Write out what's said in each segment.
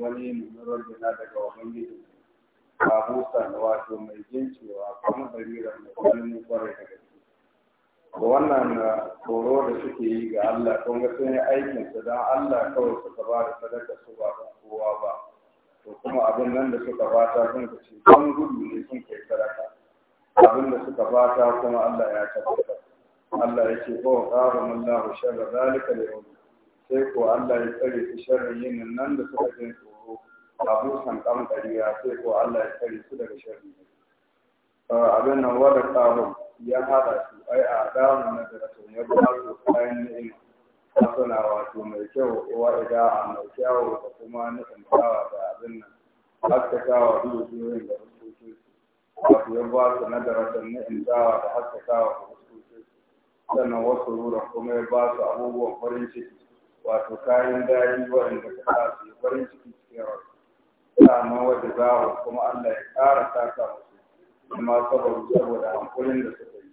wani na min daga ubangiji ba musa wato mai jincewa kuma barira mai kwanin kwarai gaske. Ba wannan ah, tsoro da suke yi ga Allah kun ga sun yi aikin su don Allah kawai suka ba da sadaka su ba don kowa ba to kuma abin nan da suka fata sun ka ce gudu ne sun kai sadaka abin da suka fata kuma Allah ya tabbata Allah ya ce ko qara man lahu da zalika da yawmi sai ko Allah ya tsare su sharrin yin nan da suka jin tsoro abu san kan kariya sai ko Allah ya tsare su daga sharrin abin nan wada tsaro ya hada su ai a damu na da su ya ba su kayan ni'ima suna wato mai kyau wa ida a mai kyau da kuma nufin tsawa da abin nan biyu duwujoyin da hukuncin su wato ya ba su na darasin ni'in tsawa da haskakawa da hukuncin su sannan wasu ruran kuma ya ba su abubuwan farin ciki wato kayan daɗi waɗanda ta sa farin ciki cikin rai sama wadda za kuma Allah ya ƙara saka musu amma saboda saboda hankulin da suka yi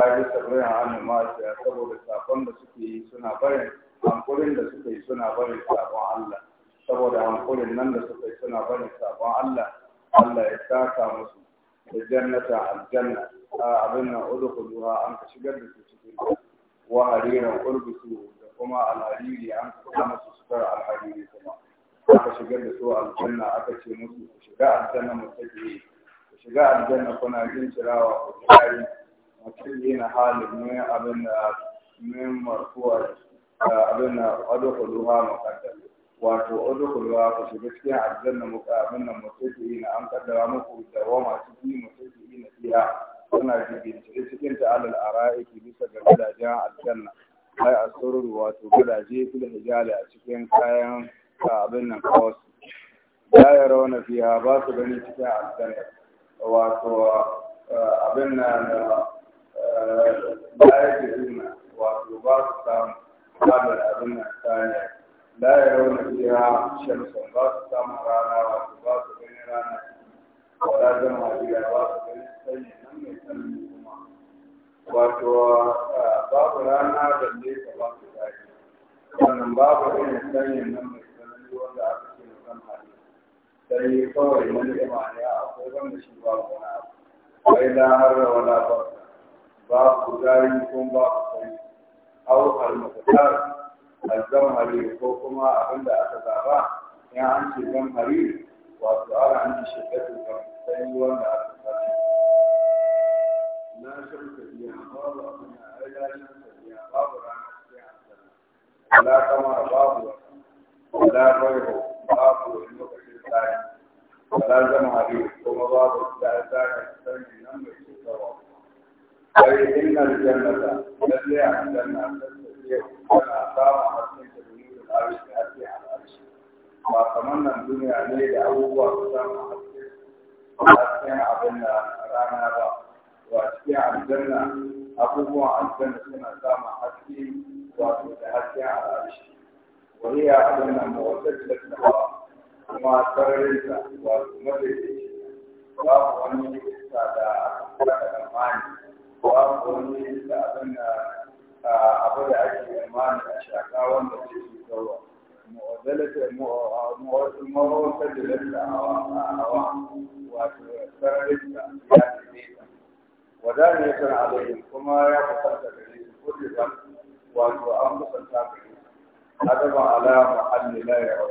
bayan sabirin hannun masu ya saboda sakon da suke yi suna barin hankulin da suka yi suna barin sakon Allah saboda hankulin nan da suka yi suna barin sakon Allah Allah ya saka musu da jannata aljanna a abin nan udu an ka shigar da su cikin wa hariran urbisu kuma alhariri an kuma masu sukar alhariri kuma aka shigar da su aljanna aka ce musu ku shiga aljanna mutaki ku shiga aljanna kuna jin cirawa ku tsari mutum yana halin ne abin da min marfuwa abin da adukuluha mukaddar wato adukuluha ku shiga cikin aljanna muka abin da mutaki na an kaddara muku da wama cikin mutaki na fiya kuna jibin cikin ta'alal ara'iki bisa ga gidajen aljanna ai a sururu wato gudaje da hijali a cikin kayan abin nan kawasu ya yi rauna fiya ba su gani cikin aljanna wato abin nan ba ya jiruna wato ba su samu kamar abin nan saniya Da ya rauna fiya shamsun ba su samu rana wato ba su gani rana wala zama biya ba su gani sanyi nan mai sanyi wato babu rana da ne ta ba su zafi sannan babu irin sanyin nan mai tsanani wanda aka ce musan hali sai kawai wani imani a akwai wanda shi ba wani da har da wani Ba ku zafi ko babu sanyi au al-muqtar ko kuma abinda aka zaba in an ce zamhari wato ana an ce shekaru kan sanyi wanda aka zaba لا شمس فيها باب أبناء لا شمس فيها باب رانا فيها ولا قمر باب ولا غيره باب وإنه كتاب ولا جمع به ثم باب استعداد السنة نمر الشتوى أي إن الجنة التي أحسن تستطيع أن أصاب حسنك بنور العرش العرش وأتمنى الدنيا لي لأول وأسامة حسنك وأسامة أبناء رانا باب وأشكي على الجنة أبوه عن الجنة سنة دام حكي وأشكي على عشق وهي أجنة موسجلة لها وما ترريزة ومدرسة babu wani isa da aka da imani babu wani isa abin da abu da ake imani a shaka wanda ke cutarwa mu'adalata mu'awar da lalata a hawa wato sararita ya wadani ya tana alayhi kuma ya kusanta gare su kullu dan wato an kusanta gare su adaba ala mahalli la yaro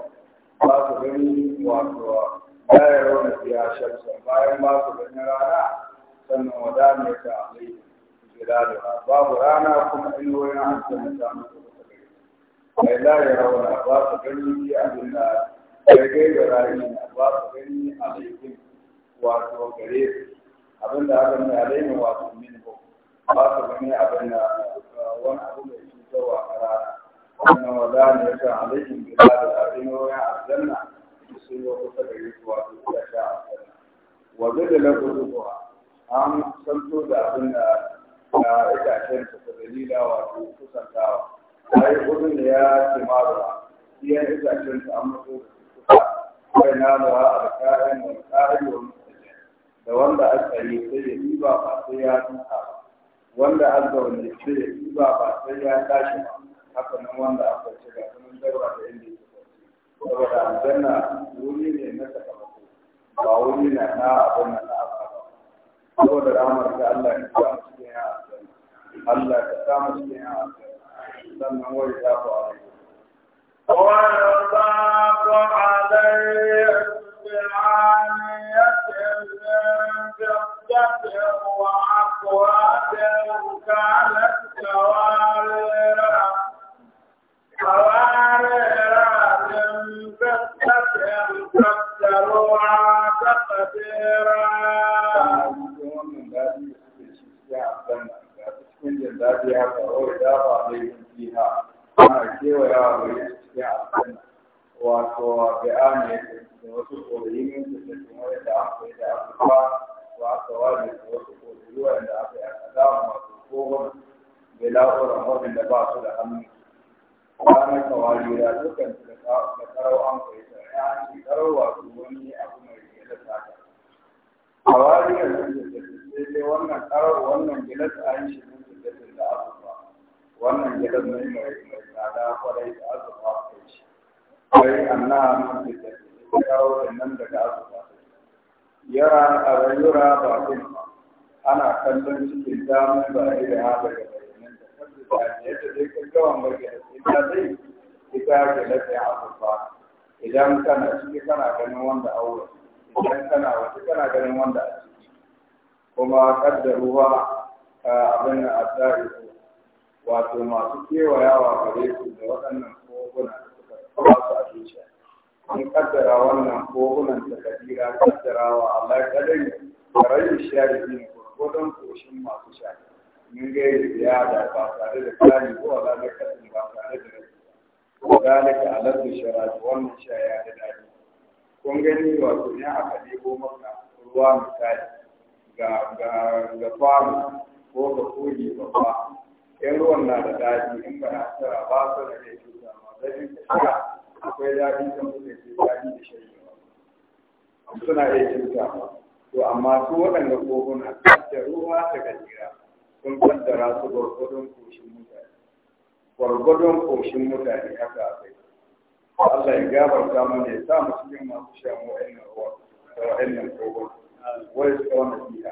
ba su gani wato la yaro na fiya shamsa bayan ba su gani rana sannan wadani ya tana alayhi bilal babu rana kuma in na an tana da musu ai la yaro na ba su gani ya abin da daidai da rayuwa ba su gani a laifin wato gare su abin da aka mai alaini wato min ko ba su gani abin da eh, wani abu mai cutarwa a rana wannan wada ne ya kan alaikin gida da abin a wayan da su yi kusa da yi wato ya sha aljanna wajen da na gudu kuwa an santo da abin da itacen su ta dalila wato kusantawa ai gudun da ya ce maruwa iyan itacen su an mutu da su kusa kai na da a da kayan da kayan da wanda aka yi sai ya duba ba sai ya duka wanda aka wanda sai ya duba ba sai ya tashi ba haka nan wanda aka ce ga kuma daura da inda yake saboda aljanna wuri ne na sakamako ba wuri na na abin na aka ba saboda ramar da Allah ya sa mu cikin ya aljanna Allah ya sa mu cikin ya aljanna sannan wai ta ku alaihi وَيَضَاقُ عَلَيْهِ بعانية فضة وأكواب كانت سواريها daɗi kan suka ce daɗi da shari'a suna iya cuta to amma su waɗanda koguna da ruwa da gajira sun kaddara su gwargwadon koshin mutane gwargwadon koshin mutane haka a kai Allah ya gabarta mana ya sa mu cikin masu shan wa'annan ruwa da wa'annan kogon wai su kawo nasiha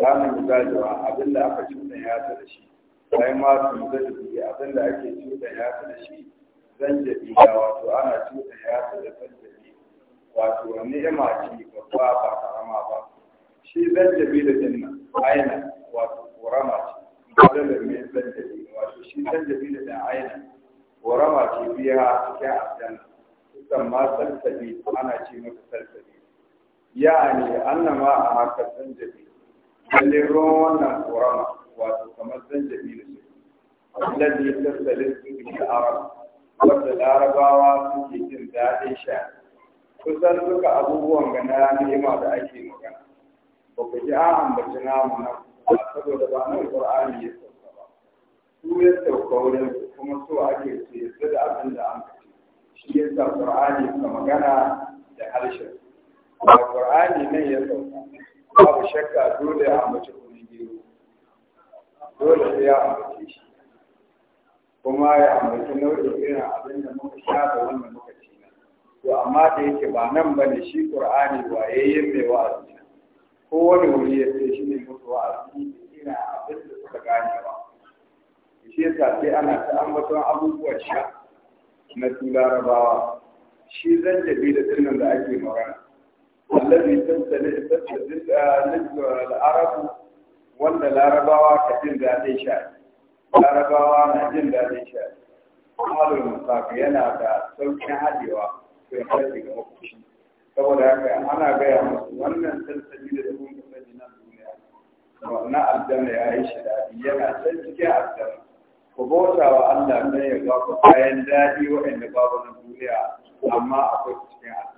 kamun abin da aka cutan ya ta da shi sai ma su da Abin da ake cutan ya ta da shi zanjabi da wato ana cutan ya ta da zanjabi wato ni'ima ce babba ba karama ba shi zan zanjabi da jinna aina wato korama ce ba da mai zanjabi wato shi zan zanjabi da aina korama ce biya cikin aljanna dukkan ma salsabi ana ce mata salsabi ya'ani annama a haka zan zanjabi lalle ruwan wannan ƙorama? wato kamar zanjabi da su lalle tattalin su ke arab wanda larabawa suke jin daɗin sha kusan duka abubuwan gana nema da ake magana ba ku ji an ambaci namu nan saboda ba nan qur'ani ya sauka ba su ya sauka wurin kuma so ake su yadda da abin da an kace shi ya sa qur'ani ka magana da harshen ba qur'ani nan ya sauka babu shakka dole a mace kuma gero dole sai ya ambace shi kuma ya ambace nau'in irin abin da muka sha da wannan muka ci na to amma da yake ba nan ba ne shi qur'ani yin mai wa'azi na ko wani wuri ya ce shi ne mutu wa'azi ina abin da suka gane ba shi yasa sai ana ta ambaton abubuwan sha na su shi zan jabi da tunan da ake magana الذي تمتلئ العرب وان العرباوة كتير قاعدين شاي العرباوة نجين قاعدين شاي قالوا المصابين هذا سوكي حديوة في حديث مقشي saboda haka ana gaya musu wannan sansani da sun kusa na duniya na aljanna ya yi shi daɗi yana can cikin aljanna ku bauta Allah ne kayan daɗi waɗanda babu na duniya amma akwai cikin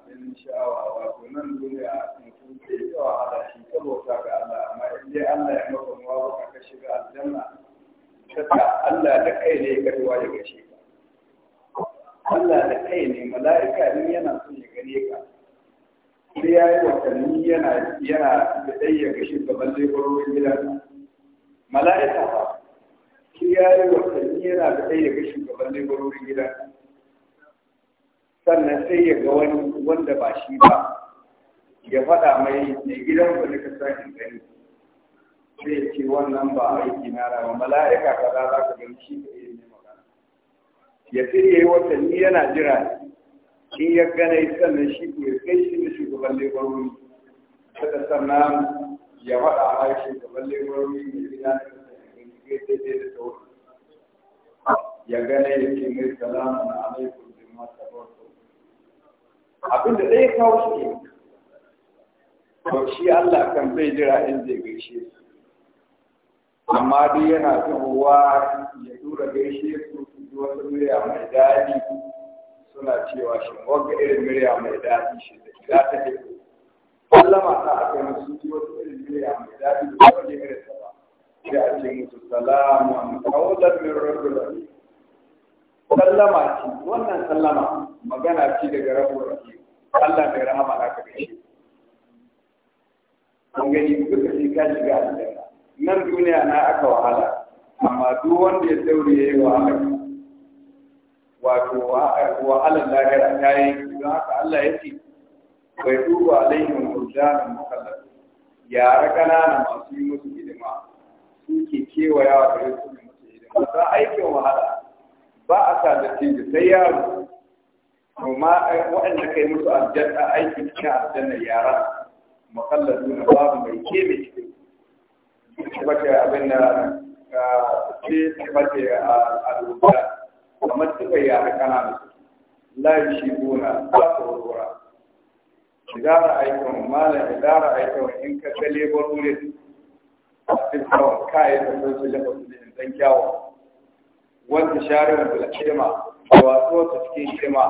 bautawa wato nan duniya mutum ke yi wahala shi ta bauta ga Allah amma in dai Allah ya maka muwafaka ka shiga aljanna kasa Allah da kai ne ka duwa ya gaishe ka Allah da kai ne mala'ika din yana son ya gane ka sai ya yi watanni yana yana da ɗai ya gashi gaban leburorin gidan mala'ika ba sai ya yi watanni yana da ɗai ya gashi gaban leburorin gidan sannan sai ya ga wani wanda ba shi ba ya faɗa mai ne gidan ku ka sake gani sai ya ce wannan ba aiki na rama mala'ika ka za ka gani shi ka yi magana ya sai ya yi watanni yana jira in ya gane sannan shi ko ya kai shi da shugaban lebarori kada sannan ya faɗa a mai shugaban lebarori mai gina da ya daidai da sauri ya gane ya ce mai salamun alaikum bin masar abin da ɗaya kawo shi ne to shi Allah kan zai jira in zai gaishe su amma duk yana tsohuwa ya tura gaishe su su wasu murya mai daɗi suna cewa shi wanga irin murya mai daɗi shi da za ta ke. Allah ma ta aka yi su wasu irin murya mai daɗi da wani irin sa ba sai a ce musu salamu an kawo min rabbul alamin sallama ce wannan sallama magana ce daga rabu rahim Allah mai rahama na ka gaishe kun gani da shi ka shiga aljanna nan duniya na aka wahala amma duk wanda ya daure yayi wahala wato wahalar lahira ta yi don haka Allah ya ce bai duba alaihim hujjanan mukallaf yara ƙanana masu yi musu hidima suke kewaya wa gare su musu hidima ta aikin wahala ba a sa da cikin sai yaro kuma waɗanda kai musu aljanna aiki cikin aljanna yara makallar na babu mai ba ke abin da ah, ce ba a al'ubba kamar suka yi yara kananu layu shi gona ba su warwara idara aikin malam idara aikin in ka ga lebar wurin a cikin kawai kayan da sun su lafa su ne dan kyawun wanda sharin bil kirma da wasu ta cikin kirma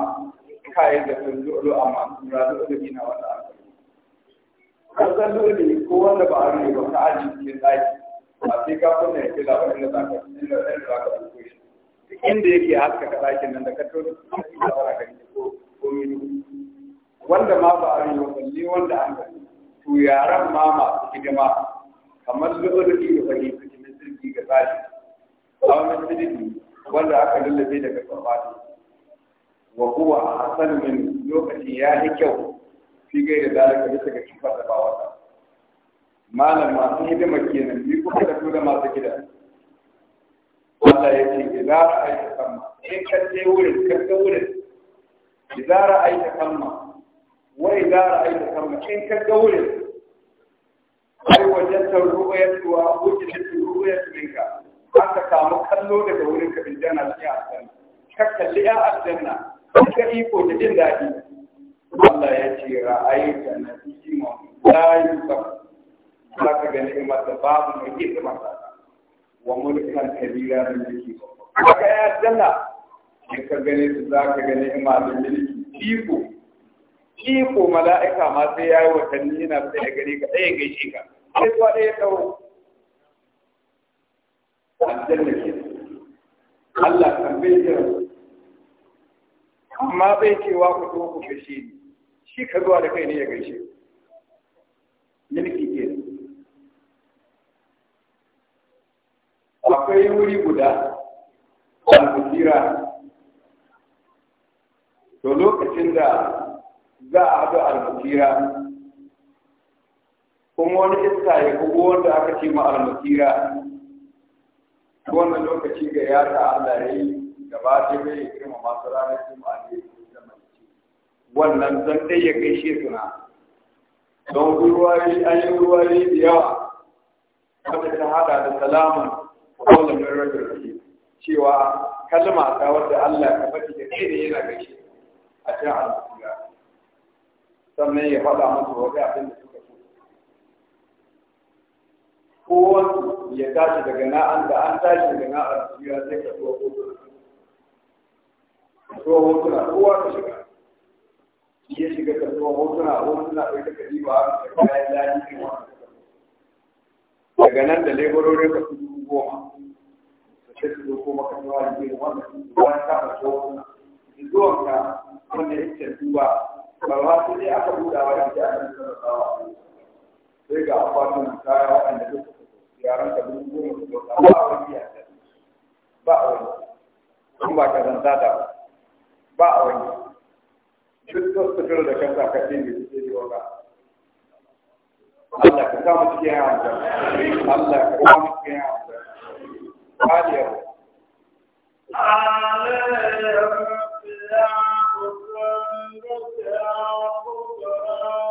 kai da sun lulu amma sura lulu ina wata aka kasan lulu ko wanda ba a rube ba ka aji cikin daki ba sai ka kunna ya kila ba inda zaka inda inda ka dubo shi inda yake haska ka dakin nan da ka to da fara gani ko ko mini wanda ma ba a rube ba ne wanda an gani to yaran ma masu hidima kamar lulu da fahimta cikin sirri ga zaki a wani sirri wanda aka lullube daga tsammani wa huwa hasan min lokaci ya yi kyau fi gai da dalika bisa ga kifar da bawa ta malam masu hidima kenan ni kuma da tura masu gida Allah ya ce idza ra'aita kamma in ka je wurin ka ga wurin idza ra'aita kamma wa idza ra'aita kamma in ka ga wurin ai wajen ruwayatu wa wujidatu ruwayatu minka aka samu kallo daga wurin ka bin jana cikin aljanna ka kalli ya aljanna ka iko da jin daɗi Allah ya ce ra'ayi ta na cikin yi yusuf za ka ga ni'imar da babu mai hikima wa mulkan kabila da yake haka ya aljanna in ka gane su za ka ga ni'ima da mulki iko iko mala'ika ma sai ya yi watanni yana sai ya gare ka ɗaya gaishe ka sai zuwa ɗaya ɗau aljanna ke Allah kan bai jira amma bai ce wa ku zo ku gaishe ni shi ka zuwa da kai ne ya gaishe milki ke akwai wuri guda al-basira to lokacin da za a haɗu al-basira kuma wani iska ya kugo wanda aka ce ma al-basira wannan lokaci ga ta Allah ya yi gaba ta bai ya girma masu ranar juma'a ne da mace wannan zan dai ya gaishe suna don ruwayi an yi ruwayi da yawa wanda ta hada da salamun ko min rajul rahim cewa kalma ta wanda Allah ya faɗi da kai ne yana gaishe a cikin alƙura sannan ya faɗa musu wani abin da su kowa ya tashi daga na'an da an tashi daga na'an tsira sai ka tuwa hotuna tuwa hotuna kowa ka shiga ya shiga ka tuwa hotuna a hotuna ɗaya da kari ba da kayan lani ne wanda daga nan da laborin ka su dubu goma sai su doko maka tuwa da ke wanda su tuwa ta ka tuwa hotuna zuwan ka wanda ya ce duba ba ba sai dai aka buɗa wa da a aka nuna da tsawa sai ga akwatin kaya waɗanda duk yaran ka dubu goma ba a wani biya ba a wani kun ba ka zanta da ba a wani duk su fitar da kansa ka ce mai ce ne wata Allah ka samu cikin yawan da Allah ka samu cikin yawan da Aliyar Aliyar ya kusan da ya kusan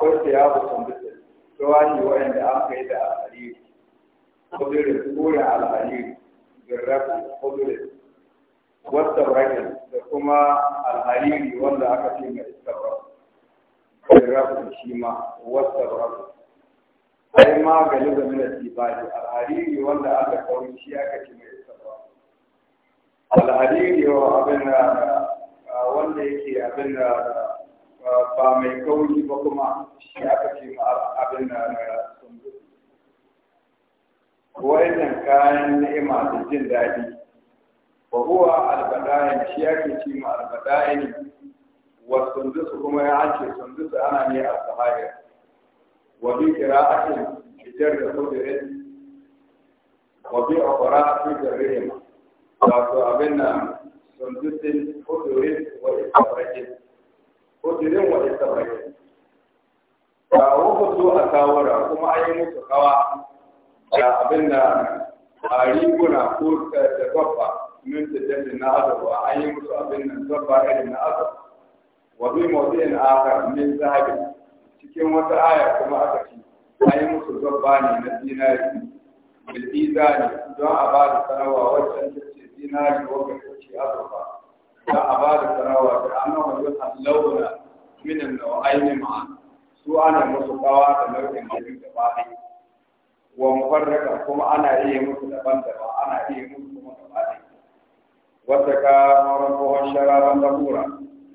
akwai siyabu sandisa tawani wa'anda an kai da alhariri kudurin kura alhariri birrafi kudurin wasta brakin da kuma alhariri wanda aka fi mai istabra birrafi shi ma wasta brakin ai ma gali da mina tibali alhariri wanda aka kauri shi aka fi mai istabra alhariri wa abin wanda yake abin da ba mai kauri ba kuma shi aka ce ma abin da na Wai nan kayan ni'ima da jin daɗi ba huwa albadain shi ake ce ma albadain wa sundusu kuma ya ce sundusu ana ne a sahaya wa bi ake fitar da saudirin wa bi ukhra fi jarrihim wato abin nan sundusin hudurin wa ibrahim kudurin wa isa bai ba wakudu a kawura kuma an yi musu kawa da abin da a riguna ko eh, da gaba min tattalin na azaba an yi musu abin da gaba irin na azaba wa bi mawdi'in akhar min zahabi cikin wata aya kuma aka ci an yi musu gaba ne na dinari bil izani don a ba da sanarwa wacce ta ce dinari wacce ta ce azaba za a ba da sarawa da an nawa yi hallaura minan da wa'ayi ma su ana musu kawa da nau'in jini da ba'i wa mufarraka kuma ana iya musu daban daban ana iya musu kuma gaba ɗaya wata ka marakon sharaban dabura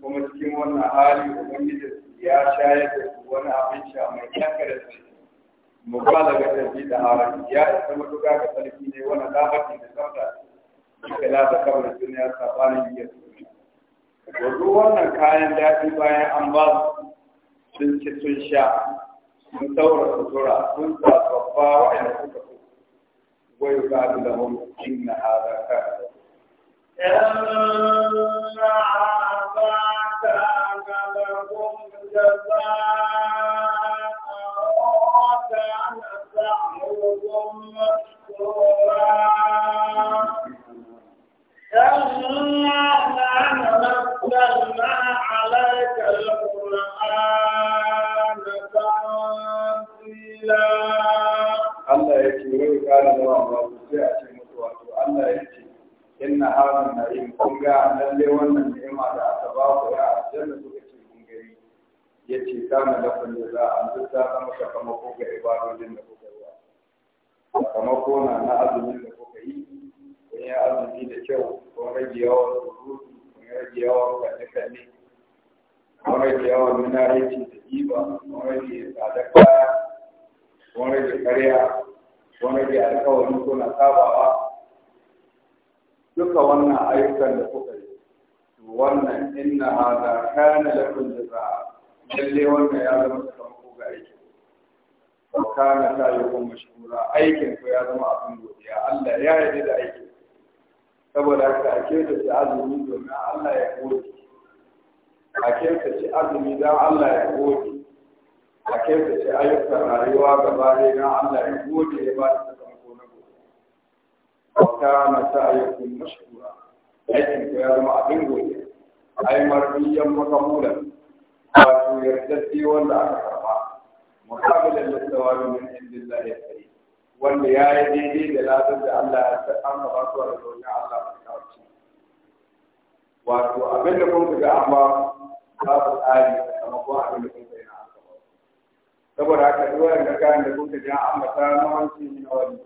kuma cikin wannan hali ubangiji ya shayar da su wani abin sha mai yanka da su ba da bi da haram ya isa matuƙa ga sarki ne wani labarci da tsafta da lafa kabar duniya sabanin biyar duniya wato wannan kayan daɗi bayan an ba su sun ci sun sha sun saura sutura sun sa babba wa'anda suka so wai ga da lahun inna hada ka inna hada ka ga lahun jaza'a وكان سعيهم مشكورا Allah ya ce wai ƙara da wa sai a ce mutu wato Allah ya ce ina harin na yin kunga lalle wannan ni'ima da aka ya aljanna suka ce ya ce ta mu lafin da za a duk ta kama ko ga ibadojin da kuka yi wa kama na na azumin da kuka yi kun yi azumi da kyau kun rage yawan surutu kun rage yawan kalle-kalle kun rage yawan minareci da ɗiba kun rage tsadar kaya kun rage karya kun rage alkawarin na sabawa duka wannan ayyukan da kuka yi wannan inna hada kana lakum jaza lalle wannan ya zama sakamako ga aikin ku kana ta yi kuma shukura aikin ku ya zama abin godiya Allah ya yarda da aikin saboda ka a ci azumi domin Allah ya gode a ci azumi don Allah ya gode a ci ayyukan rayuwa gaba ne don Allah ya gode ya ba ta sakamako na gobe wata mata ayyukan mashkura aikin ku ya zama abin gode ai marbiyan makamula wato yardaddi wanda aka karba muqabilan lissawabi min indillahi ya kai wanda ya yi daidai da ladar da Allah ya san Amma ba su da wajen Allah ta kawace wato abin da kun ga amma ba su tsari sakamakon abin da kun ga yana aka ba saboda haka duk wanda kayan da kun ga Amma ta na wani na wani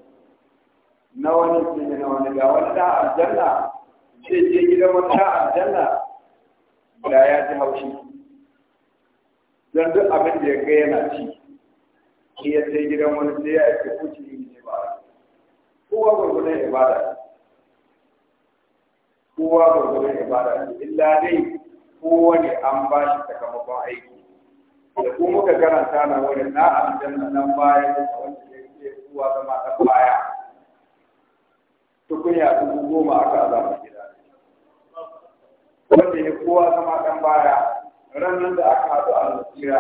na wani ce na wani ga wani da aljanna zai je gidan wani da aljanna da ya ji haushi don duk abin da ya ga yana ci shi ya sai gidan wani sai ya aiki kuci ne ba kowa gwargwadon ibada kowa gwargwadon ibada ne illa dai kowane an ba shi sakamakon aiki da kuma muka karanta na wani na na nan baya da wanda ya ke kowa zama ta baya tukunya dubu goma aka zama gida wanda ya kowa zama ɗan baya ranar da aka haɗu a nasira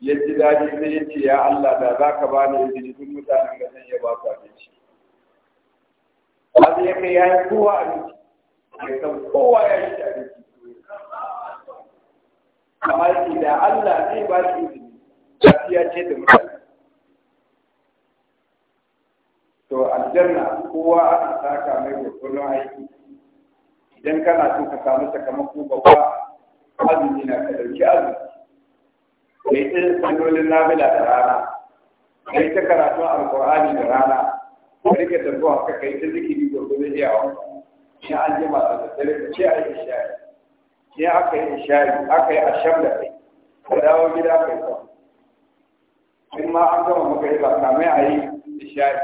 ya ji daɗi sai ya ce ya Allah da za ka ba ni izini duk mutanen gasan ya ba su abinci wanda ya kai ya yi kowa abinci ya san kowa ya yi abinci amma yake da Allah zai ba shi izini ya ce da mutane to aljanna kowa aka saka mai gwagwaron aiki idan kana so ka samu sakamako babba azumi na ka ɗauki azumi da ita sallolin nafila da rana da ita karatun alkur'ani da rana da rike da zuwa ka kai ta zikiri gurgurin wa shi an masu da daddare da ce a yi ishari shi aka yi ishari aka yi asham da kai ka dawo gida kai yi in ma an gama maka yi ba kame a yi ishari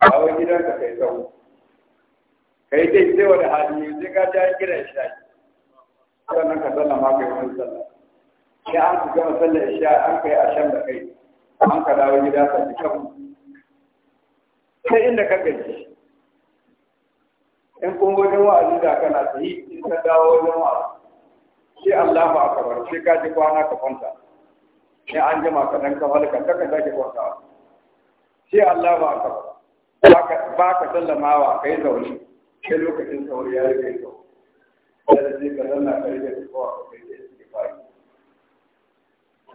dawo gidan ka kai zau ka yi dai sai wani hali sai ka ta yi gidan ishari sannan ka sallama kai wani sallama sai an ku gama sallar isha an kai a shan da kai an ka dawo gida ka fi kan sai inda ka gaji in kun wajen wa'azi da kana yi in ka dawo wajen wa'azi sai Allah ba ka bar sai ka ji kwana ka kwanta sai an jima ka dan ka halka ka ka dake kwanta sai Allah ba ka bar ba ka sallamawa kai zaune sai lokacin sauri ya rike to sai ka zanna kai da kowa kai da yi.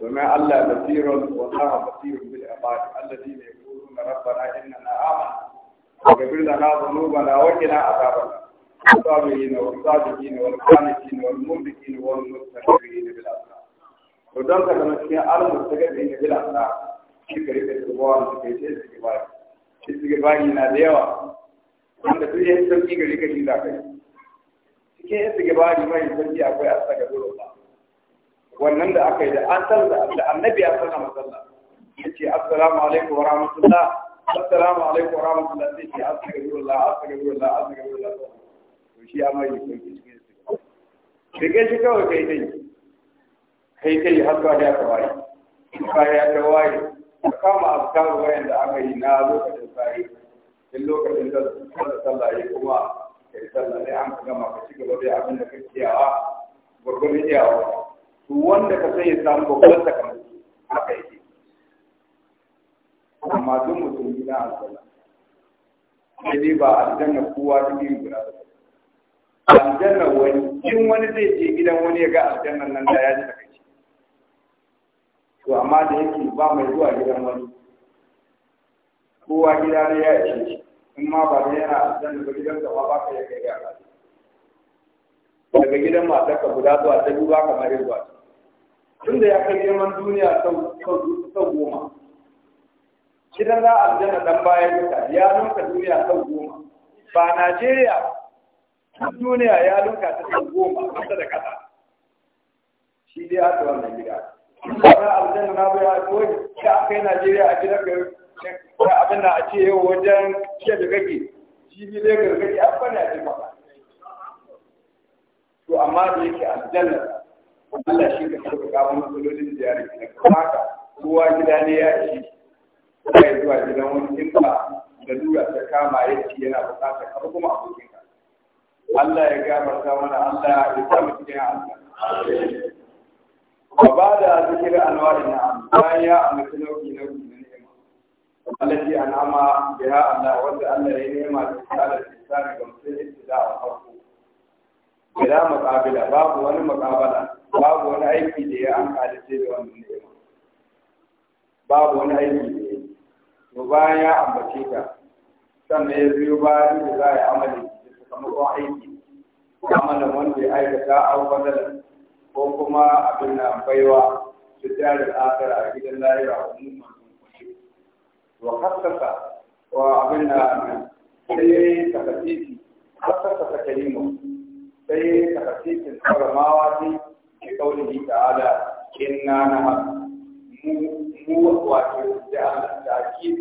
domin Allah basirun wa sa'a basirun bil ibad alladhina yaquluna rabbana innana amanna wa ghfir lana dhunubana wa qina adhaban الصابرين والصادقين والقانتين والمنبتين والمستكبرين بالأسرار ودون تكمسكين على المستكبرين بالأسرار شكر الإسبوع المتكيشين na da yawa. wanda duk ya sauki gari ka shi zafi cikin yin sigibari mai sauki akwai a saka ba wannan da aka yi da an sallah da annabi ya sallama sallah yace assalamu alaikum wa rahmatullah assalamu alaikum wa rahmatullah sai ce astaghfirullah astaghfirullah astaghfirullah to shi amma yi ko ki cikin shi ke shi kawai kai dai kai kai har ka da ka wai ka ya da wai kama azkar wayan da aka yi na lokacin sai in lokacin da sallah ya kuma kai sallah sai an gama ka ci gaba da abin da kake yawa gurgurin yawa wanda ka sai ya samu babban sakamako haka yake amma duk musulmi a aljanna sai dai ba a aljanna kowa ta biyu guda aljanna wani in wani zai je gidan wani ya ga aljannan nan da ya ji takaici to amma da yake ba mai zuwa gidan wani kowa gida ne ya ishe shi in ma ba da yana aljanna ba gidan ba ba ka ya kai ga daga gidan ka guda zuwa ta ba kamar yin ba. tunda ya kai neman duniya sau goma idan za a jana dan baya duka ya lunka duniya sau goma ba najeriya duniya ya lunka ta sau goma kasa da kasa shi dai aka wannan gida ba aljanna na bai ko da aka yi najeriya a gidan ga abin da a ce yau wajen ke da gage shi bi dai gargaji an bane a jima to amma da yake aljanna Allah shi ka sauka kawo matsalolin da yare na haka kowa gida ne ya shi kai zuwa gidan wani in ba da lura ta kama yake yana bukatar kar kuma abokin ka Allah ya gafarta mana Allah ya sa mu cikin Allah wa ba da zikir anwa'in na bayan ya amince nau'i nau'i na ni'ima allati an'ama biha Allah wanda Allah ya ni'ima da tsara tsari ga mutum da farko bila muqabila babu wani muqabala babu wani aiki da ya an halitta da wannan nema babu wani aiki da ya to bayan ya ambace ta sannan ya biyo bayan da za a yi amali da sakamakon aiki amalan wanda ya aikata an fadala ko kuma abin na baiwa su tare akara a gidan lahira a umuman wa hassasa wa abin na sai ya yi takasiti hassasa kalimu sai ya yi takasitin karamawa ne bi qawlihi ta'ala na nahnu mu wato da ta'kid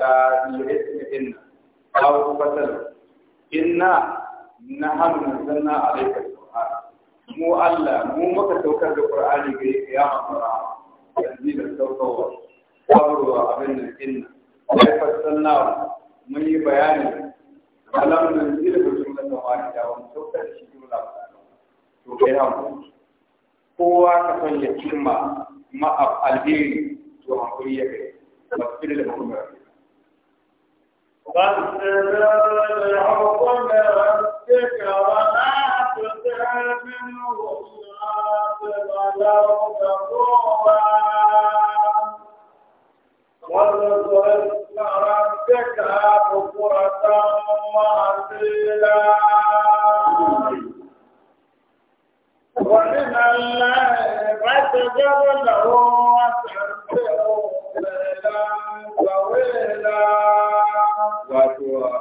da ismi inna In na na nahnu nazzalna a laifin quran mu Allah mu muka saukar da qur'ani ga ya mafara yanzu da saukarwa sabarwa abin da inna sai fasalna mun yi bayani alam nan zira da jumla ta wani da wani saukar shi jumla to kai hankali kowa ka san ya cimma ma a alheri to a kuri ya kai ba su fidda da mutum ba. وارزقنا ربك حقوقنا وعدلنا ومن ibada فاستجب له وسبحه ليلا طويلا واتوا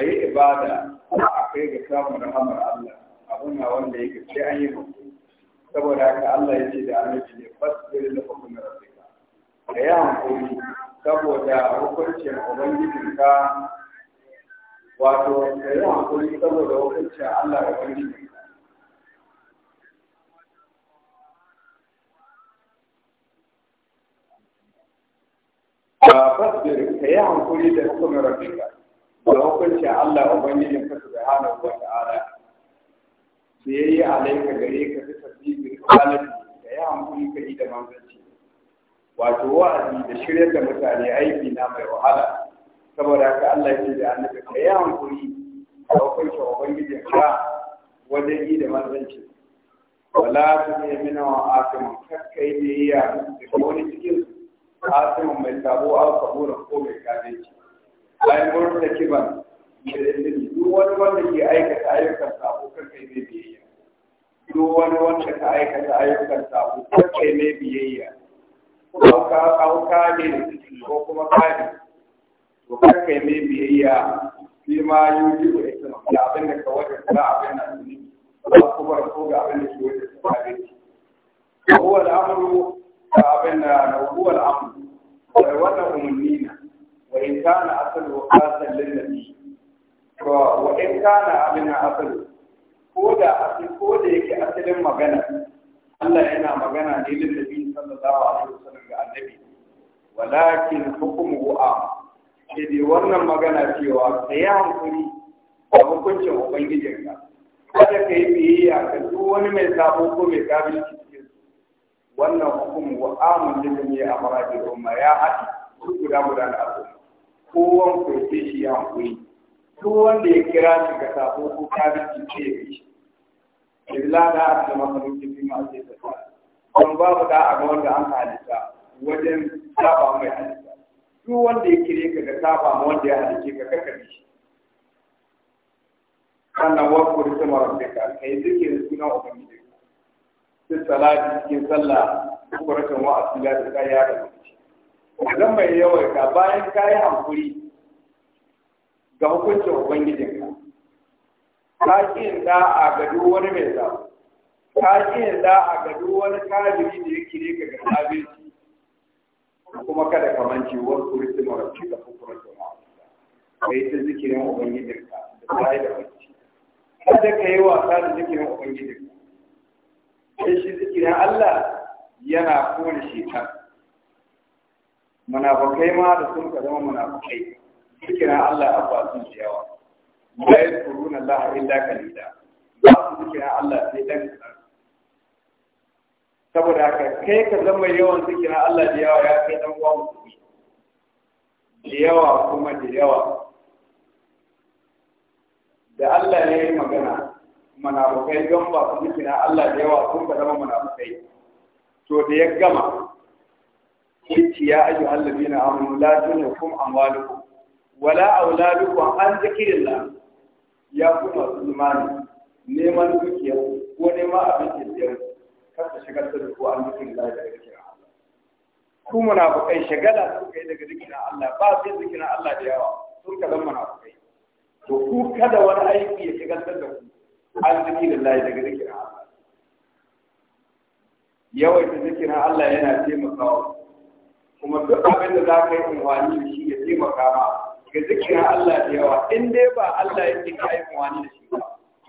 أي إبادة أخير كلام رحمة الله أبونا وأنا يجب شيئا saboda Allah ya ce da annabi ne da saboda wato saboda Allah ba fasbir ka yi hankuri da hukumin rabbika da hukuncin Allah ubangijin ka subhanahu wa ta'ala biyayya alaika gare ka fi tasbihi alati da ya hankuri ka yi da manzanci wato wa'azi da shirya da mutane aiki na mai wahala saboda haka Allah ya ce da annabi ka yi hankuri da hukuncin ubangijin ka wajen yi da manzanci wala ta ne mina wani cikin asimin mai sabo an kaburan ko mai kafinci bayan murta kiban shirin duk wani wanda ke aikata ayyukan sabo kan kai mai biyayya duk wani wanda ka aikata ayyukan sabo kan kai mai biyayya auka ka ne da ciki ko kuma kani to kan kai mai biyayya shi ma yi yuji ko ita da abin da ka wajen da abin na ne ba kuma ko ga abin da ke wajen da abin ko wal amru abin da ruwal amru wai wannan umarni na wai kana asalu asan lillahi to wa in kana abin asali ko da yake asalin magana Allah yana magana ne lillahi sallallahu alaihi wasallam ga annabi wannan magana cewa ka yi hankuri a hukuncin ubangijinka kada ka yi biyayya ga duk wani mai sabo ko mai kabilci wannan hukum wa amun da ne a amara umma ya haɗi su guda guda na abu kowan ku ce shi ya hankuri duk wanda ya kira shi ga sabo ko kafirci ce ya shi illa da a cikin masarautar fi ma ce ta don babu da a ga wanda an halitta wajen saba mai halitta duk wanda ya kire ka ga saba ma wanda ya halice ka kaka bi shi sannan wasu da sama rabbi ka kai zikirin sunan ubangiji sai salati cikin sallah kuma rakan wa ya da kai ya da idan mai ka bayan ka yi hankuri ga hukuncin ubangijinka ka ƙi yin da'a ga duk wani mai za ka ƙi yin da'a ga duk wani kajiri da yake ne ka ga sabinci kuma kada ka manci wani kuristi marabci da kukurar jama'a ka yi ta zikirin ka da ta yi da mutunci kada ka yi wasa da zikirin ka sai shi zikirin Allah yana kone shekan munafukai ma da sun ka zama munafukai zikirin Allah an ba su da yawa la yadkuruna Allah illa qalila ba su zikirin Allah sai dan kadan saboda haka kai ka zama yawan zikirin Allah da yawa ya kai dan uwa musulmi da yawa kuma da yawa da Allah ya yi magana munafukai don ba su miki Allah da yawa sun ka zama munafukai to da ya gama kici ya na allazina amanu la tunkum amwalukum wala auladukum an na ya kuma imani neman dukiya ko neman abin da kasa shigar da ko an zikrillah da kira ku munafukai shagala su kai daga zikirin Allah ba sai zikirin Allah da yawa sun ka zama munafukai to ku kada wani aiki ya shigar da ku arziki da layi daga zikirin Allah yawaita zikirin Allah yana taimakawa kuma duk abin da za ka yi unwani da shi ya taimaka ma ga zikirin Allah da yawa in dai ba Allah yake ka yi unwani da shi ba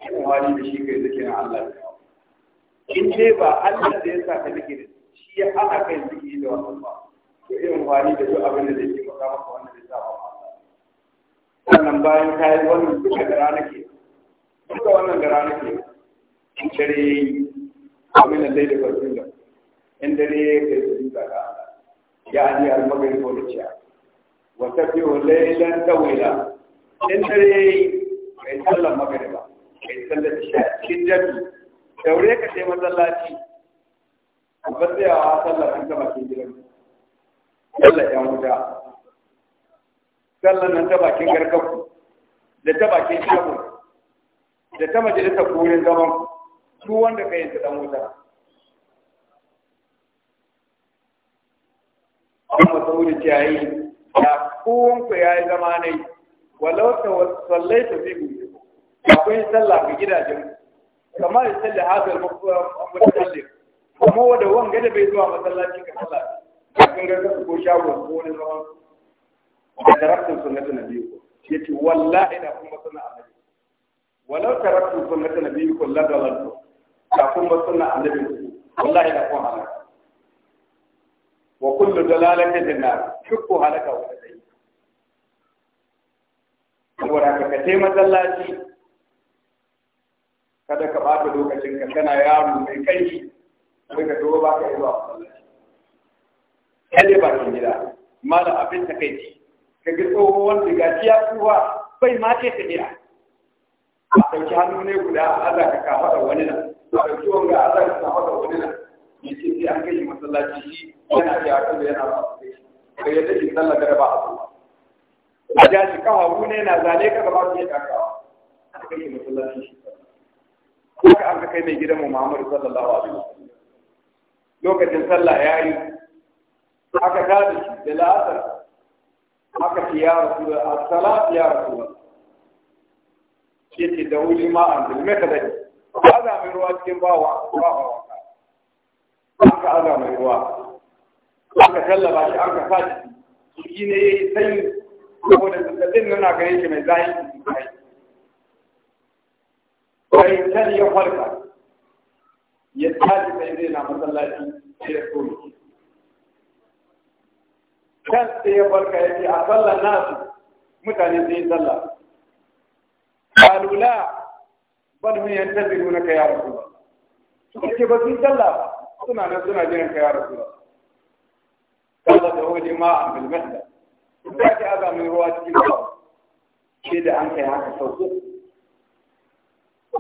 yi amfani da shi ga zikirin Allah da yawa in dai ba Allah da ya sa ka zikirin shi ya ana kai zikiri da wannan ba to yi unwani da duk abin da zai taimaka maka wanda zai sa ba wannan bayan ka wannan duka da rana ke duka wannan da rana ke in dare abin da zai da farfin da in dare ya kai su duka ka ya ji almagari ko da ciya wata fi lailan tawila in dare yi kai sallan magari ba kai sallan isha cikin jami daure ka sai masallaci ba sai a sallar an gama cikin gidan sallar yan wuta sallar nan ta bakin garkaku da ta bakin shagon da ta majalisa wurin zaman su wanda ka yi dan wuta amma wuri ta yi ya kowan ku yayi zama ne walau ta sallaita fi guri akwai sallah ga gidajen kamar sallah hazal mutakallim kuma wanda wanga da bai zuwa masallaci ka sallah kun ga ko shago ko ne zaman da daraktun sunnatu nabi yace wallahi da kuma sunna annabi walau taraktu sunnata nabiyyikum la dalaltu da kun bar na annabi wallahi Na kun halaka wa kullu dalalatin din nar shukku halaka wa dai saboda ka ka kace masallaci kada ka bata lokacin ka kana yaro mai kai sai ka zo ba ka yi zuwa masallaci ba bakin gida mala abin ta takaici ka ga tsohon wanda gaciya kuwa bai ma ce ta gida a ɗauki hannu ne guda a ka kafaɗa wani nan a ɗauki wanga a ka kafaɗa wani nan ya ce sai an kai masallaci shi yana da yaƙi da yana ba su kai bai yadda shi sallar gare ba a zuwa a ja shi kawawu ne na zane ka gaba su ya kakawa a kai masallaci shi haka an ka kai mai gidan mu Muhammadu sallallahu alaihi wasallam lokacin sallah ya yi aka kada shi da la'asar aka ce ya rasu da assalat ya rasu yake da wuri ma an zulme ka dai aza mai ruwa cikin bawa bawa an ka aza mai ruwa an ka tallaba shi an ka sa shi shi ne ya yi sanyi da zazzabin nuna gare shi mai zahi zahi sai can ya farka ya tashi sai zai na masallaci sai ya so shi kan sai ya farka ya ce a sallar nasu mutane sai sallah قالوا لا بل هم ينتظرونك يا رسول الله suke ba sun sallah suna nan suna jiran ka ya rasu ba sallah da hoji ma a bilmahda ta ce aza mai ruwa cikin ba ce da an kai haka sau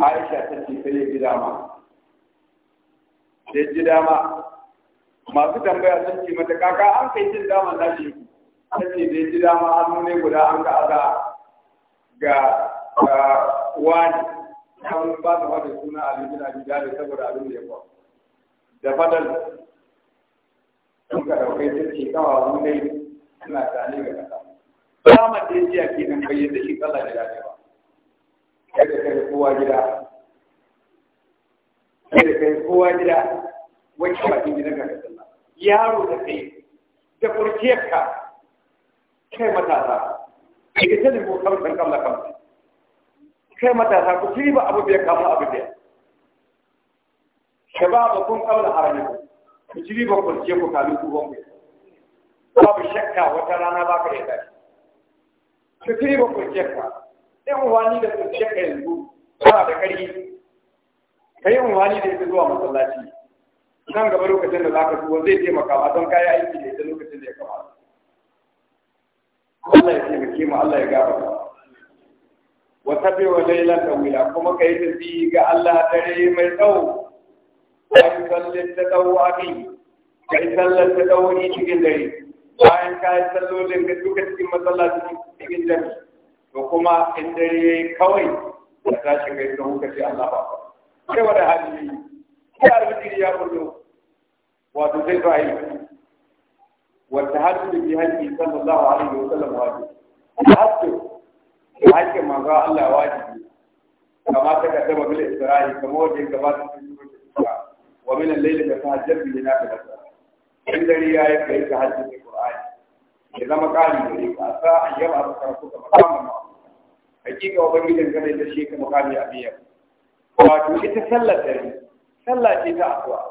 aisha ta ce sai ya ji dama da dama masu tambaya sun ce mata kaka an kai jin dama na shi ta ce da ya ji dama hannu ne guda an ka aza ga wani an ba ta fada suna abin da abin da saboda abin da ya kwa da fadar sun ka daukai sun ce kawa wunai suna tare ga kasa samar da ya ke nan bayyana shi kala da dace ba yadda kai kowa gida yadda kai kowa gida wani bakin gidan ka da sallah yaro da kai da ka kai matasa ita ta ko kamar kan kalla kamar kai matasa ku ci ba abu biyar kafin abu biyar ba kun da harami ku ci ba ku ce ku kalu ku ban babu shakka wata rana ba ka shi. ku ci ba ku ce ka ɗan wani da sun ce ka yanzu ba da ƙarfi ka yi wani da ita zuwa masallaci nan gaba lokacin da za ka zuwa zai taimaka ma don kayi aiki da ita lokacin da ya kamata Allah ya taimake mu Allah ya ba. wa tabiwa lailan tawila kuma kai tafi ga Allah dare mai tsawo kai sallar ta tsawo abi kai sallar ta tsawo ni cikin dare bayan ka yi sallolin ka duka cikin masallaci cikin dare to kuma in dare yayi kawai ka tashi kai tsawo ka ce Allah ba kai wa da hali ya alfajiri ya kullu wato zai sai to ayi wa tahajjud bi hadi sallallahu alaihi wa sallam wa tahajjud hakkin manzo Allah wajibi kama ta kaddama bil isra'i kama wajen ya gabata cikin sura wa min al-layli fa tahajjab bi nafilata in dare ya yi kai ta hajji Qur'ani ya zama kali gare ka sa a ka karatu ka makamin hakika ubangijin ka ne da shi ka makami a biya wato ita sallar dare sallah ce ta asuwa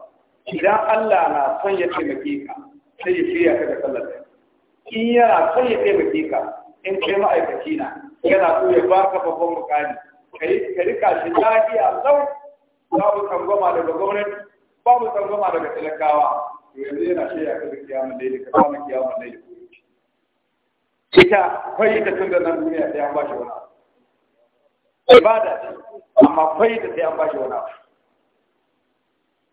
idan Allah na son ya taimake ka sai ya shirya ka da sallar dare in yana son ya taimake ka in kai ma'aikaci na yana so ya baka babban mukami kai ka rika shi lafiya lau babu tsangwama daga gwamnati babu tsangwama daga talakawa to yanzu yana shirya ka da kiyamun ka kama da daidai ko ita fai da tun da nan duniya sai an ba shi wani abu ibada ce amma fai da sai an ba shi wani abu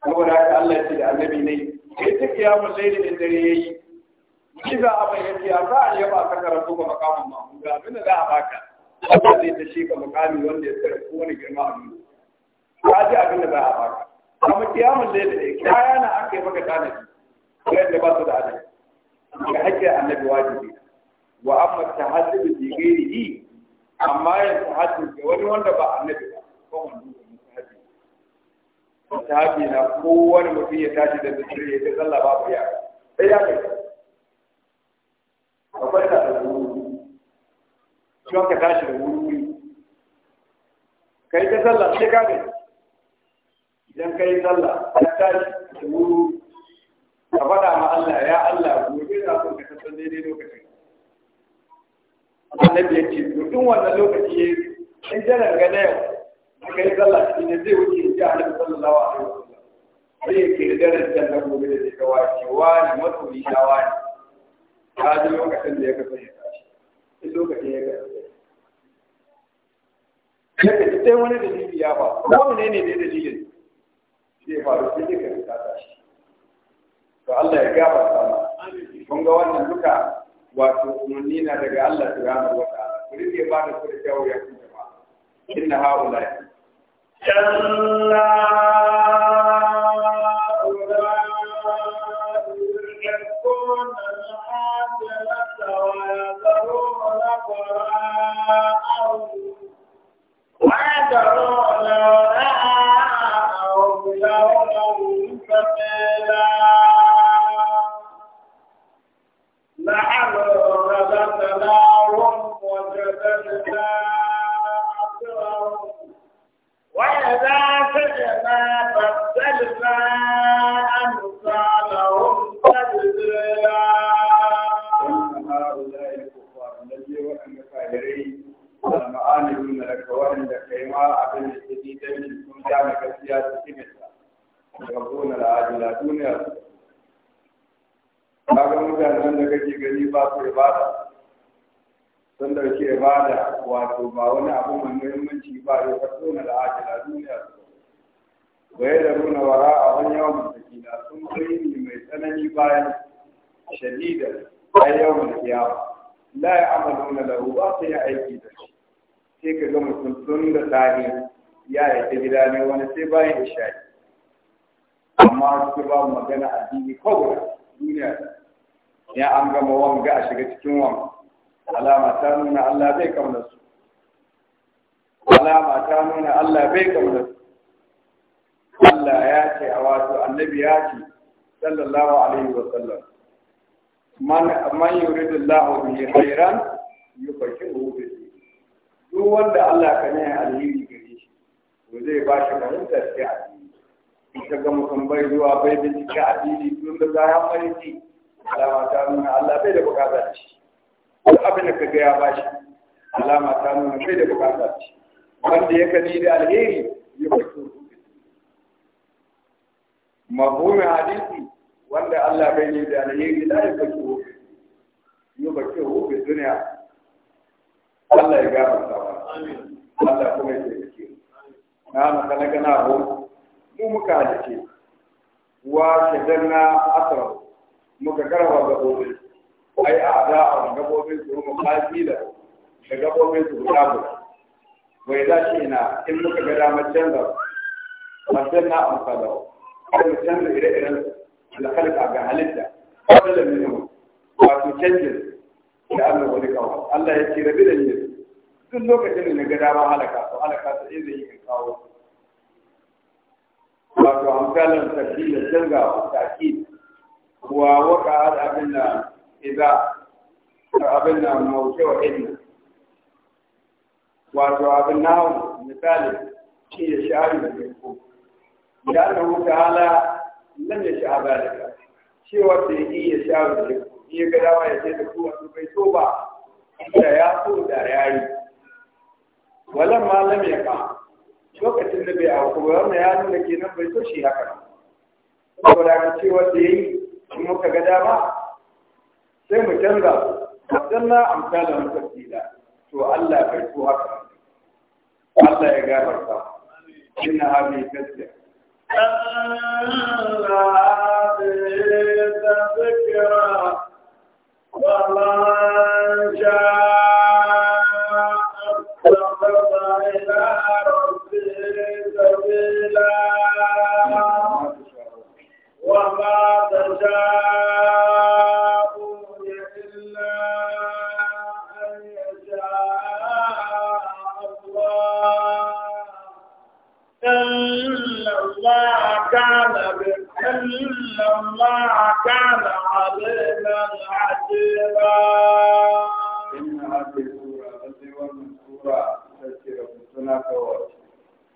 saboda haka Allah ya ce da annabi ne sai ta kiyamun daidai in dare yayi shi za a bayyana ya za a yaba ka karatu ga makamin mahmuda abin da za a baka Allah zai ta shi ka makami wanda ya tsare kowane girma a duniya ka ji abin da za a baka amma kiyamun laila ne kaya na aka yi maka tanadi kai da ba su da adalci ga hakki annabi wajibi amma ya tahaddu ga wani wanda ba ba na mutum ya tashi da ya akwai da da wuri kiwon ka tashi da wuri kai ta sallah sai ka gani idan ka yi sallah ka tashi da wuri ka faɗa ma Allah ya Allah gobe na son ka tasan daidai lokacin annabi ya ce to tun wannan lokaci ya in janar ga yau aka yi sallah shi ne zai wuce ya annabi sallallahu alaihi wasallam sai ya da daren can na gobe da zai kawai cewa ne masoyi shawa ne ta ji lokacin da ya kasance ya shi? in lokacin ya kasance ya kaci sai wani dalili ya ba ko ne ne dai dalilin Shi ya faru sai dai ka ta shi. to Allah ya gafarta ta kun ga wannan duka wato umarni na daga Allah subhanahu wa ta'ala ku rike ba da kudi jawo ya kuma inna haula janna a Yeah. mu'amilu na daga waɗanda kai ma abin da ke ji dangin sun gane gaskiya su kimanta daga kona la'ajila duniya su kaga mutanen da kake gani ba su ibada sun dauke ibada wato ba wani abu mai muhimmanci ba ya ka kona la'ajila duniya su bai da nuna wara a wani yawan mutakila sun kai mai tsanani bayan shadida a yawan kiyama la ya amaluna lahu ba su yi aiki da shi sai ka ga mutum tun da tsari ya ta gida ne wani sai bayan isha'i amma su ba magana addini kawai duniya ya an gama wanga a shiga cikin wanga alama ta nuna Allah bai kamna su alama ta nuna Allah bai kamna su Allah ya ce a wato annabi ya ce sallallahu alaihi wa sallam man man yuridu Allahu bihi khairan yufaqihu fi duk wanda Allah ka ne alheri gare shi to zai ba shi fahimta sai addini in ga mutum bai zuwa bai bincike alheri tun da za a mai alama ta nuna Allah bai da bukata ci duk abin da ka gaya ya ba shi alama ta nuna bai da bukata ci wanda ya kani da alheri ya fito mafhumin hadisi wanda Allah bai ne da alheri da ya fito ya fito duniya Allah ya gafarta wa Allah kuma ya ce. na maka na gana ho mu muka halice wa na asra muka karwa gabobi ai a da a gabobin su mu kafila da gabobin su guda guda bai dace na in muka ga damar canza wasan na amfada kai mu canza ire-iren alhalka ga halitta wadannan mu, wato canjin da Allah wani kawo Allah ya ce rabi da ne duk lokacin da na ga dama halaka to halaka ta yi eh, zai yi kawo wato amsalin tafi da canza taki wa waka da abin da idza abin da mawuce wa idna wato abin nahu misali shi ya sha'ari da yanku da Allah wuta ta'ala lam ya sha'a zalika cewa sai iya sha'ari da yanku in ya ga dama ya ce da ku wasu bai so ba inda ya so da ya yi walan ma lam ya ka lokacin da bai auku ba wannan ya nuna kenan bai so shi haka saboda ka ce wanda yayi in muka ga dama sai mu canza wadanna amsalan tafsila to Allah bai so haka Allah ya gafarta inna hadhihi gaske. Allah wàlàá. الله كان علينا عجيبا إن هذه السورة تسوى من سورة تذكرة سنة كواتي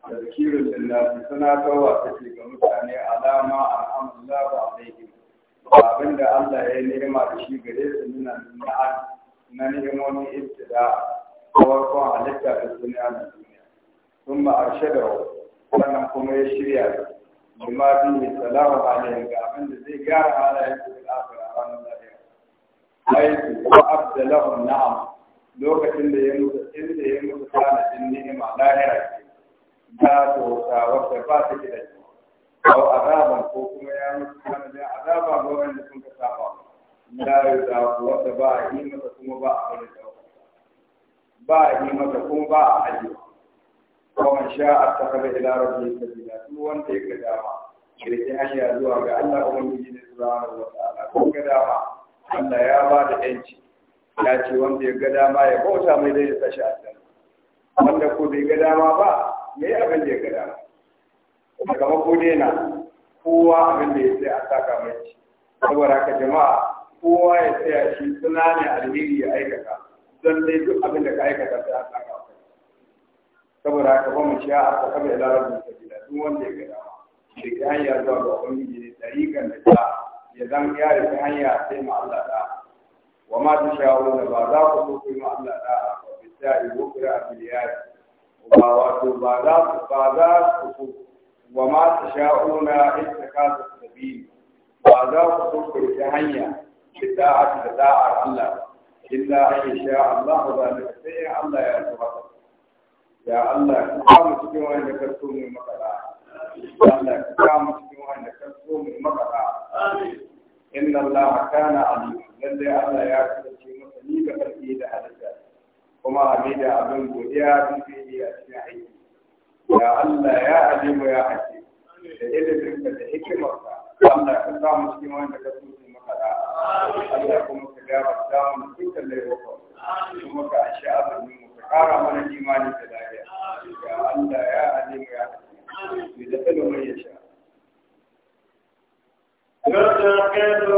تذكير للناس سنة كواتي كمتعني علامة أنعم الله عليهم abin da Allah ya nema da shi gare su nuna na'ad na ni'imomin ibtida farkon halitta da duniya na duniya sun ba a shaɗa sannan kuma ya shirya bima fi salamu alaihi ga abin da zai gyara halayen su da akira ranar lahira Aiki, ko abdalahum na'am lokacin da ya mutu inda ya mutu tanadin ni'ima lahira ce ta tota wacce ba ta gida ce ko azaban ko kuma ya mutu tanadin azaba ga wanda sun ka saba Na la yuzaku wacce ba a yi masa kuma ba a bari ba a yi masa kuma ba a ajiyewa man sha'a takhadha ila rabbihi sabila duk wanda ya ga dama kirki hanya zuwa ga Allah ubangiji ne subhanahu wa ta'ala ko ga dama Allah ya ba da yanci ya ce wanda ya ga dama ya bauta mai dai ya sashi aljanna wanda ko bai ga dama ba me abin da ya ga dama daga mako na kowa abin da ya sai a saka mai ci saboda haka jama'a kowa ya tsaya shi suna ne alheri ya aikata don dai duk abin da ka aikata sai a saka saboda haka ba mu ciya a saka mai larabin sabila duk wanda ya ga dama da ke hanya zuwa ga ubangiji ne tarikan da ta ya zan ya da ta hanya sai ma Allah da wa ma ta shawo da ba za ku so ku yi ma Allah da ba bisa ibo kira a biliyari ba wato ba za ku ba za ku so wa ma ta shawo na ita ka ta sabili ba za ku so ku yi ta hanya da da'a da da'a Allah illa an yasha Allah zalika sai Allah ya tabbata ya Allah ka mu cikin wanda ka so mu maka da Allah ka mu cikin wanda ka so mu maka da inna Allah kana alim lalle Allah ya kace masa ni da karfi da halitta kuma hamida abin godiya bi bi a cikin aiki ya Allah ya alimu ya hakim da ilimin da hikimarka Allah ka sa mu cikin wanda ka so mu maka da Allah kuma ka gaba samu cikin laifuka kuma ka ashe abin ƙara mana imani da lafiya ya Allah ya alimu ya alimu da ilimin ya sha يتخذ من يشاء برحمته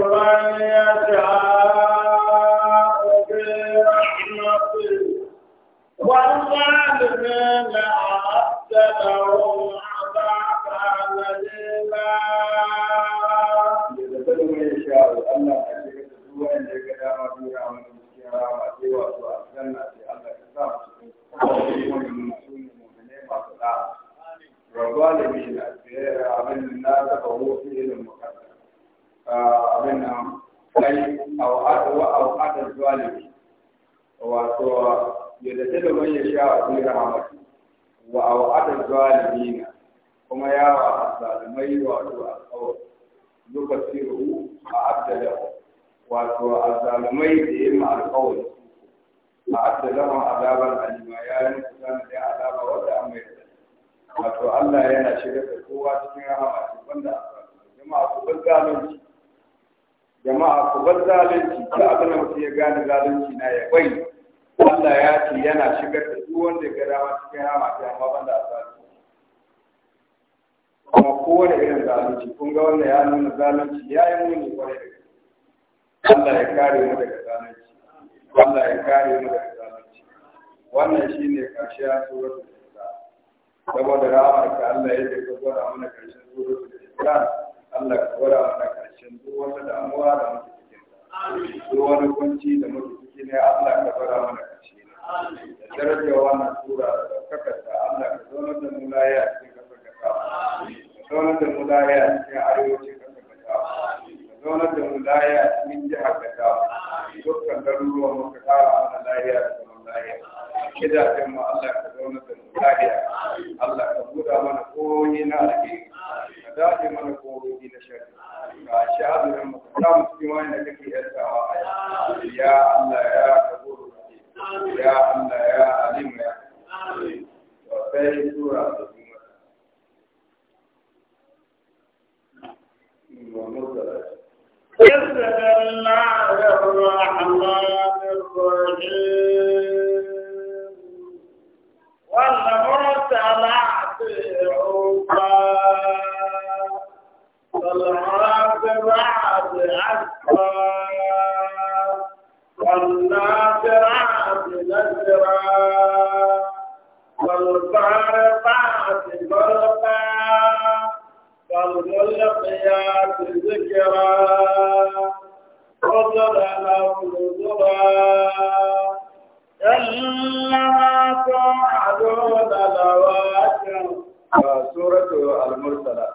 wanda ya gane zalunci na ya bai wanda ya ce yana shigar da duk wanda ya ga dama cikin rama ta amma banda zalunci kuma kowane irin zalunci kun ga wanda ya nuna zalunci ya yi muni kwarai da Allah ya kare mu daga zalunci Allah ya kare mu daga zalunci wannan shine karshen suratul Isra saboda rahmar ka Allah ya ce ka gwada mana karshen suratul Isra Allah ka gwada mana karshen duk wata damuwa da mutum duk wani kunci da mutu ne Allah ka fara mana kashi da daraja wannan tura da kakarta Allah ka zauna da mu laya a cikin kasar ka ta ka zauna da mu laya a cikin arewacin kasar ka ta ka zauna da mu laya a cikin jihar ka ta dukkan garuruwan mu ka kara mana laya da zaman laya gidajen mu Allah ka zauna da mu lafiya Allah ka buɗa mana koyi na alheri ka dace mana koyi na shari ka shi azumin mu ka samu cikin wani da kake yantawa ya Allah ya kaburu ya Allah ya alimu ya sai sura ta kuma بسم الله الرحمن الرحيم والملقيات ذكرا عذرا أو نذرا إنما توعدون لواقع سورة المرسلة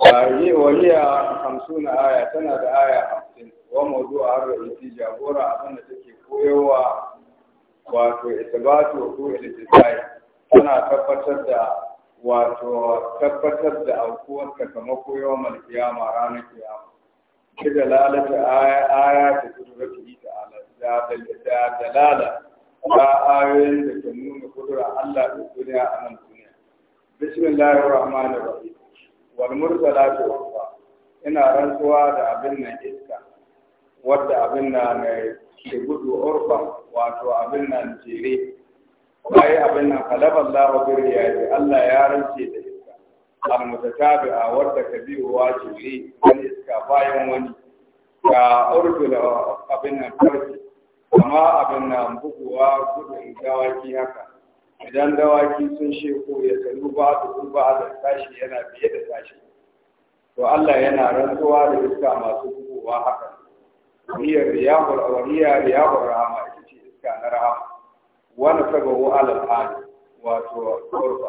وهي خمسون آية تنا آية خمسين وموضوع الرئيسي جابورا أبنى تكي كويوا wato isbatu ko iltisai tana tabbatar da wato tabbatar da aukuwar sakamako koyo mal kiyama ranar kiyama ki da lalata aya ta kudurati ta'ala da da dalala ba ayoyin da ke nuna kudura Allah da duniya a nan duniya bismillahir rahmanir rahim wal mursalatu wafa ina rantsuwa da abin nan iska wadda abin nan mai ke gudu urfa wato abin nan jere ai abin nan halaban lahu bir ya Allah ya rance da iska al mutatabi'a wadda wa jiri wani iska bayan wani ka urdu da abin nan farki amma abin nan buguwa gudun dawaki haka idan dawaki sun sheko ya salu ba da gurba da tashi yana biye da tashi to Allah yana rantsuwa da iska masu buguwa haka hiya riyahul awriya riyahul rahama ita ce iska na rahama wani sababu alal wato kurba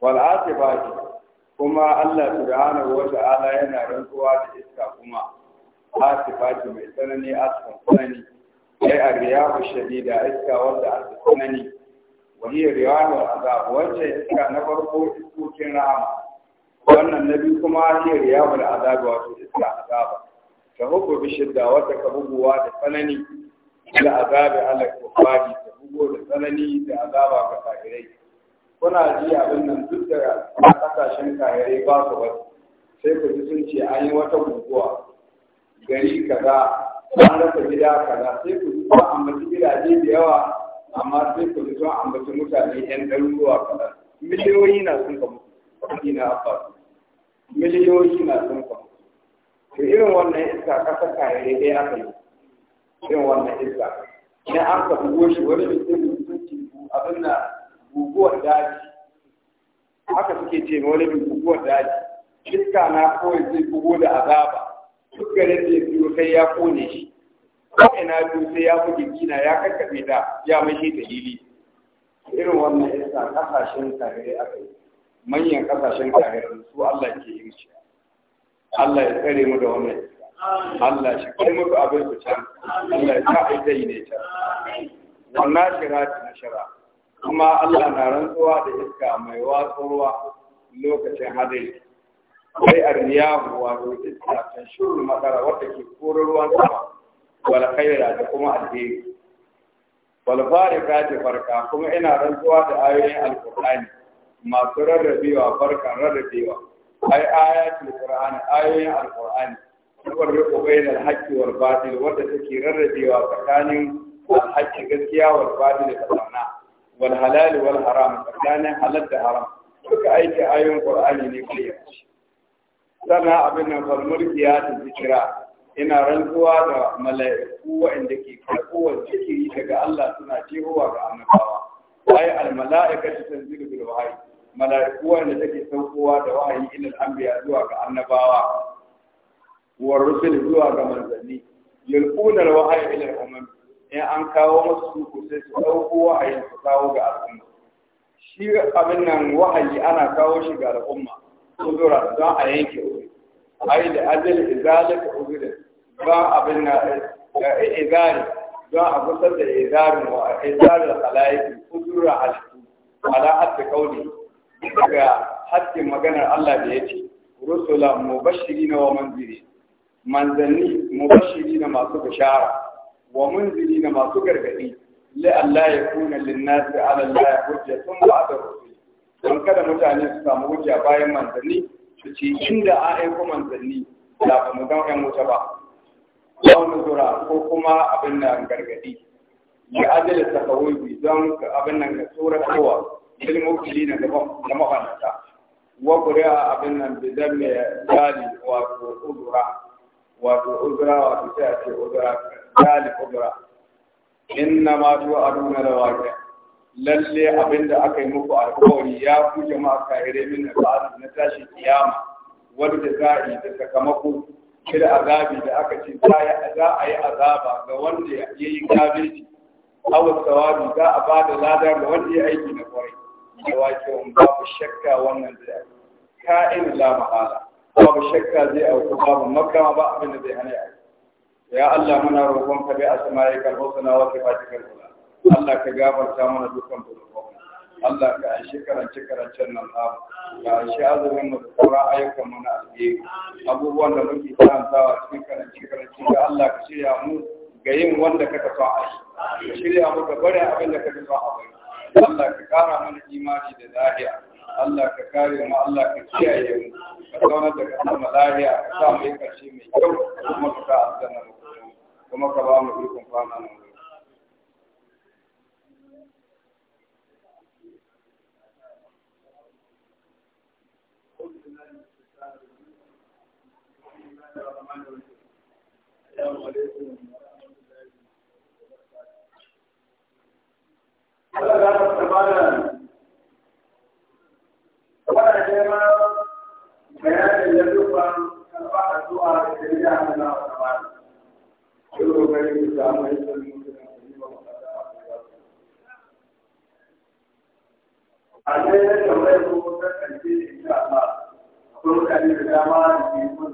wal asibati kuma Allah subhanahu wa ta'ala yana rantsuwa da iska kuma asibati mai tsanani asifan tsanani ai arriyahu shadida iska wanda a tsanani Wani hiya riyahu azab wanda iska na farko iskokin rahama wannan na biyu kuma hiya riyahu azab wato iska azaba ta hukku bi shidda wata kabuguwa da tsanani ila azabi ala kufari da bugo da tsanani da azaba ga kafirai kuna ji abin nan duk da kasashen kafirai ba su ba sai ku ji sun ce an yi wata guguwa gari kaza an rasa gida kaza sai ku ji sun ambaci gidaje da yawa amma sai ku ji sun ambaci mutane yan ɗaruruwa kaza miliyoyi na sun mutu ina abba miliyoyi na sun kamu to irin wannan iska kasa kayayyai dai aka yi irin wannan iska idan an ka bugo shi wani mutum mutunci abin da guguwar daji haka suke ce wani mai guguwar daji iska na kawai zai bugo da azaba duk garin da ya biyo sai ya kone shi ko ina biyu sai ya buge gina ya kakkabe da ya mashi dalili irin wannan iska kasashen kahirai aka yi manyan kasashen kahirai su Allah ke yi Allah ya tsare mu da wannan Allah shi kai muku abin ku can Allah ya sa ita ne can wannan shira ta nashara kuma Allah na rantsuwa da iska mai ruwa lokacin hadari sai arriyahu wato iska ta shuru makara wadda ke koro ruwan sama wala khaira da kuma alheri wala farika ta farka kuma ina rantsuwa da ayoyin alqur'ani masu rarrabewa farkan rarrabewa ai ayatul qur'ani ayoyin alqur'ani tafarriqu bainal haqqi wal batil wanda take rarrabewa tsakanin alhaqqi gaskiya wal batil tsakana wal halal wal haram tsakanin halal da haram duka aiki ayoyin qur'ani ne yi sana abin nan fal mulkiya ta zikira ina rantsuwa da mala'iku inda ke karɓuwar zikiri daga Allah suna jehowa ga annabawa ai al mala'ikatu tanzilu bil wahyi mala'iku wa'anda take saukowa da wahayi ilal anbiya zuwa ga annabawa wa rusul zuwa ga manzani. yulquna al-wahya ila in an kawo musu su sai su dauko wahayin su kawo ga al'umma shi abin nan wahayi ana kawo shi ga al'umma uzura don a yanke uzuri ai da ajal izalaka uzuri ba abin na izari don a kusa da izarin wa izarin halayi uzura halittu ala hatta kauli daga hatta maganar Allah da yake rusula mubashirina wa manzirina manzanni mubashiri na masu bishara wa munziri na masu gargadi la Allah ya kuna linnasi ala Allah ya hujja sun ba'da rusul don kada mutane su samu hujja bayan manzanni su ce inda an aiko manzanni da ba mu ga 'yan wuta ba wani zura ko kuma abin nan gargadi ya adala takawubi don abin nan ga tsoron kowa ilmokili na da mabanata wa kuri'a abin nan bi bidan mai jali wato udura wato uzura wato sai a ce uzura dalil uzura inna ma tu aduna da waqi'a lalle abinda aka yi muku alkawari ya ku jama'a kaire min na ba'd na tashi kiyama wanda za'i da sakamako kira azabi da aka ce za a yi azaba ga wanda ya yi kafirci awa sawabi za a ba da lada ga wanda ya aiki na kwarai da wakilan babu shakka wannan da ka'in la mahala babu shakka zai auku babu makama ba abin da zai hana ya ya Allah muna roƙon ka bi asma'i kal husna wa sifatikal ula Allah ka gafarta mana dukkan zunubanmu Allah ka aishi karance karancen nan namu ka aishi azumin mu da sauran ayyukan mu na alheri abubuwan da muke karantawa cikin karance karance ga Allah ka shirya mu ga yin wanda ka tafa a shi ka shirya mu ga barin abin da ka tafa a bai Allah ka kara mana imani da lahiya Allah ka kare mu Allah ka kiyaye mu ka zauna da kasar mu ka sa mu yi ƙarshe mai kyau kuma ka sa aljanna mu kuma ka ba mu ikon kwana nan Allah ya tabbata wadanda ma bayanin da dukkan karɓa da zuwa da shirya da na wata ba da a sai da kamar yadda kuma dama da ke